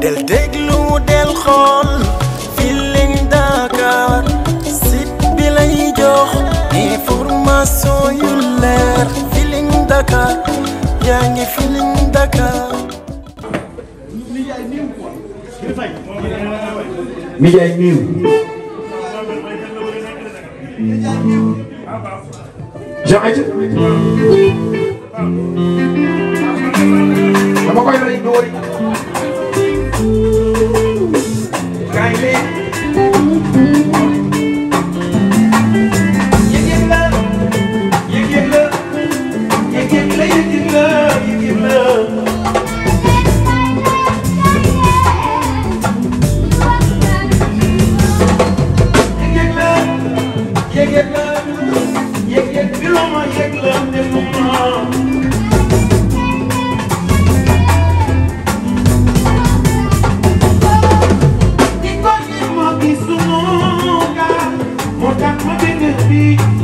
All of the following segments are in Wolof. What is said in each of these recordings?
del déglu del xool Feeling Dakar site bi jox information yu leer Feeling Dakar yaa ngi Dakar.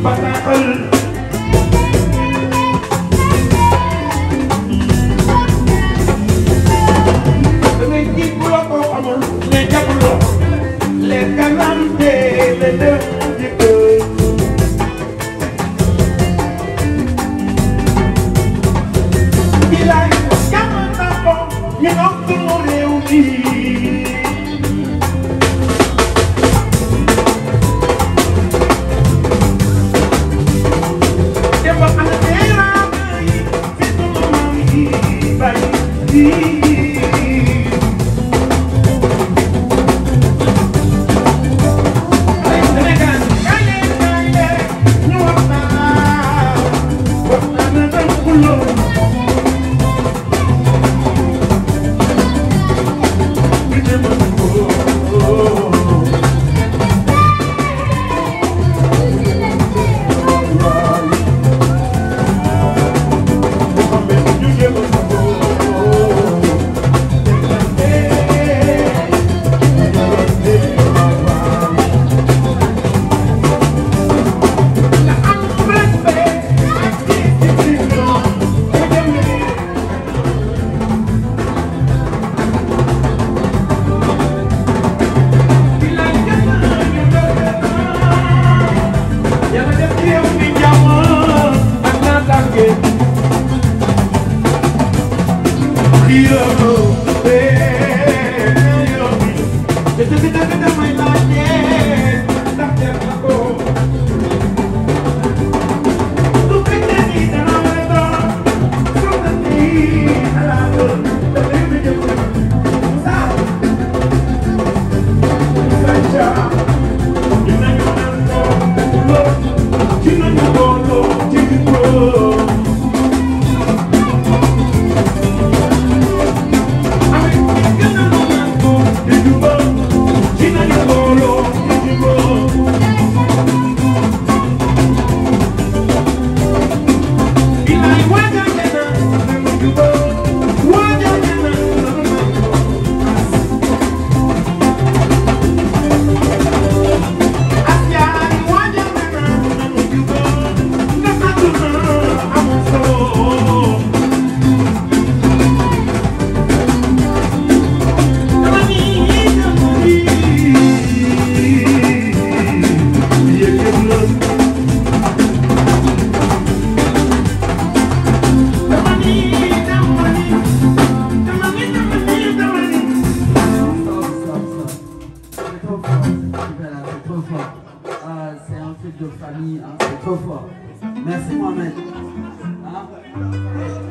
But I see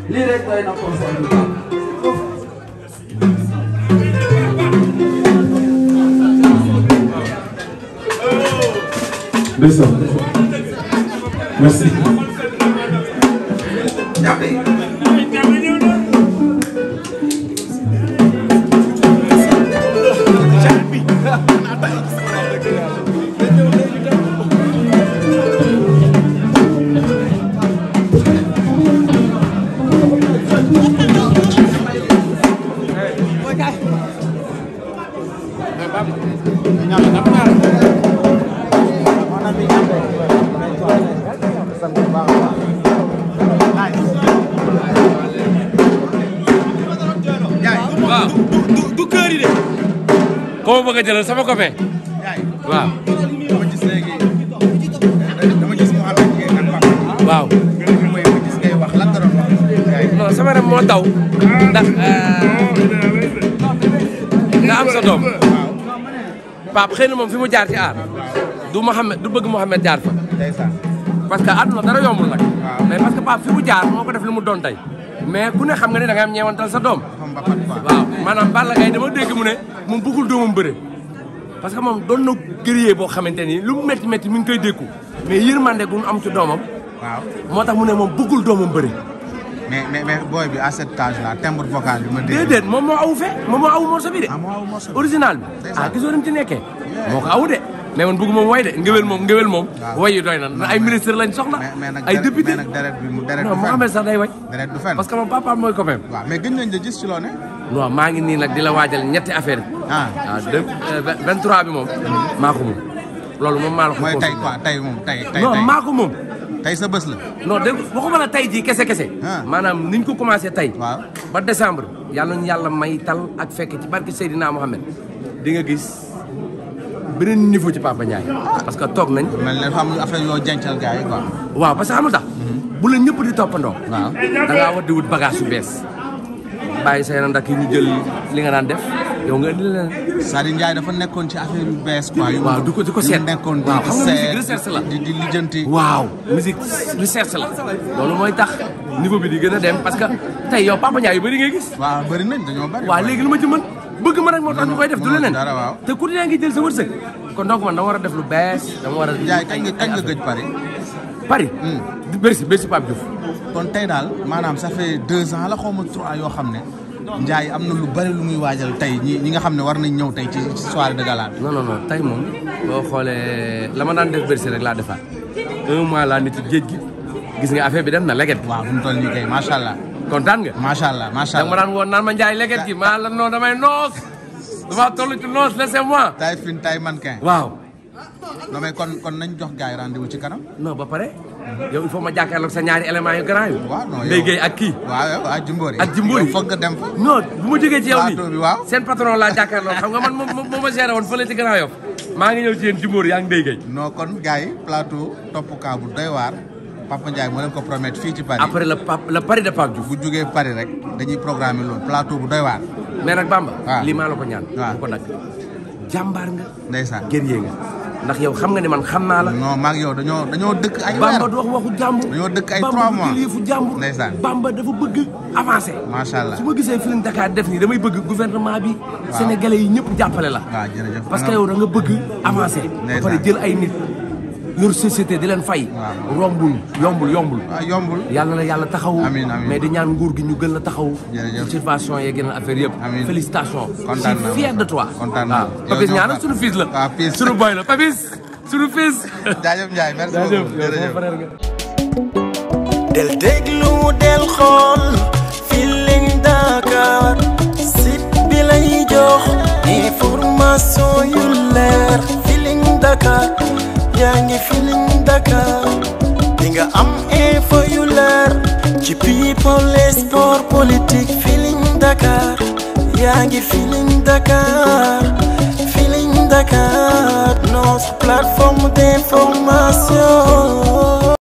lii rek doy na conseil Merci. Merci. du du kër yi de. koo bëgg a jëlal sama copain. waaw. dama gis léegi dama gis mu àll ak ngay naan baax. waaw. ma gis ngay wax lan rem moo taw. ndax euh, nga am sa doom. Pape moom fi mu jaar ci aar. du Mouhamed du bëgg Mouhamed jaar fa. parce que àdduna dara yombul nag. mais parce que Pape fi mu jaar moo ko def li mu doon tey. mais ku ne xam nga ne da nga am ñeewantal sa doom. mbapat quoi. waaw maanaam Balla Gaye dama dégg mu ne moom bëggul doomam bëre parce que moom doon na guerrier boo xamante ni lu mu métti métti mi ngi koy dékku mais yërmande gu mu am ci doomam. moo tax mu ne moom bëggul doomam bëre. mais mais mais booy bi à cet âge là timbre bi ma dégg. déedéet moom moo awu fe moom moo awu morceau bi de. ah bi original bi. ah gisoo ci nekkee. moo ko awu de. mais man bëgguma way de ngëwél moom ngëwél moom wayu doy na ay ministre lañ soxla ay député non Mohamed sax day way parce que moom papa maa ngi nii nag di la waajal ñetti affaire ah. Ah, euh, bi waaw deux vingt trois moom maa ko moom loolu moom maa la ko mooy tey quoi tey moom tey tey non maa ko moom tey sa bés la non dégg tey jii kese kese ah. maanaam niñ ko commencé tey waaw ba décembre yàlla ñu yàlla may tal ak fekk ci barke Seydina Mohamed di nga gis beneen niveau ci Papa Ndiaye parce que toog nañ. mel ne xam nga affaire yoo jàncal gars yi quoi. waaw parce que xam nga mhm. bu la ñëpp di toppandoo. waaw da ngaa war di wut bagage yu bees. bàyyi say na ndax yi ñu jël li nga daan def yow nga indi leneen. Sadi Ndiaye dafa nekkoon ci affaire yu bees quoi. yu waaw du ko di ko seet nekkoon di di seet di di lijjanti. waaw musique recherche la. loolu mooy tax niveau bi di gën a dem parce que tey yow Papa Ndiaye yu bëri ngay gis. waaw nañ dañoo bëri. waaw léegi lu ma ci mën. bëgg ma rek moo tax ñu koy def dara waaw te ku ne ngi jël sa wërsëg kon donc man dama war a def lu bees dama war a. jaay kañ nga kañ nga gëj Paris. Paris. Hmm. di Bercy Bercy Pape Diouf. kon tey daal maanaam ça fait deux ans la xaw ma trois yoo xam ne. njaay am na lu bari lu muy waajal tey ñi ñi nga xam ne war nañ ñëw tey ci soirée de gala non tey moom loo xoolee la ma daan def Bercy rek laa defaat un mois laa nit ci géej gi gis nga affaire bi dem na leget. waaw fi mu toll kontaan nga. macha allah macha allah da nga ma daan woon naan ma Ndiaye leket gi maa la non damay noos. damaa toll ci noos laissez-moi. taay fin taay mannequin. waaw. non kon kon nañ jox gars yi rendez-vous ci kanam. non ba pare. yow il faut ma jàkkaarloog sa ñaari éléments yu grand yu. waaw non yow ak kii. waaw yow ak Jimbori. ak Jimbori foog nga dem fa. non bu ma jógee ci yow nii seen patron laa jàkkaarloog xam nga man moom moo woon fële ci maa ngi ñëw ci yéen yaa ngi Ndeye kon gars yi plateau topp kaa bu doy waar Papa Ndiaye moo leen ko promettre fii ci Paris. après le pa le Paris de Pape Diouf. bu jugee Paris rek dañuy programmer loolu plateau bu doy waar. mais nag Bamba. waaw lii maa la ko ñaan. waaw bu ko jàmbaar nga. ndeysaan guerrier nga. ndax yow xam nga ne man xam naa la. noo maa ngi yow dañoo dañoo dëkk ay. weer Bamba du wax waxu jàmbur. dañoo dëkk ay 3 mois Bamba du jàmbur. ndeysaan Bamba dafa bëgg avancé. macha allah su ma gisee Feeling Dakar def nii damay bëgg gouvernement bi. sénégalais yi ñëpp jàppale la. waaw jërëjëf parce que yow da nga bëgg avancé. ba pare jël ay nit yor société di leen fay. rombul yombul yombul. Ah, yombul yàlla na yàlla taxaw. mais di ñaan nguur gi ñu gën la taxaw. jërëjëf situation yeeg yeneen affaire yëpp. amiin félicitations. kontaan naa fier de toi. kontaan ah. naa waaw Papis ñaanal suñu fils la. waaw fils suñu boy la del déglu del xool Feeling Dakar site bi lay jox information yu leer Feeling Dakar. yaa ngi Feeling Dakar di nga am info yu leer ci people et sport politique Feeling ngi Feeling Dakar Feeling Dakar nos plateforme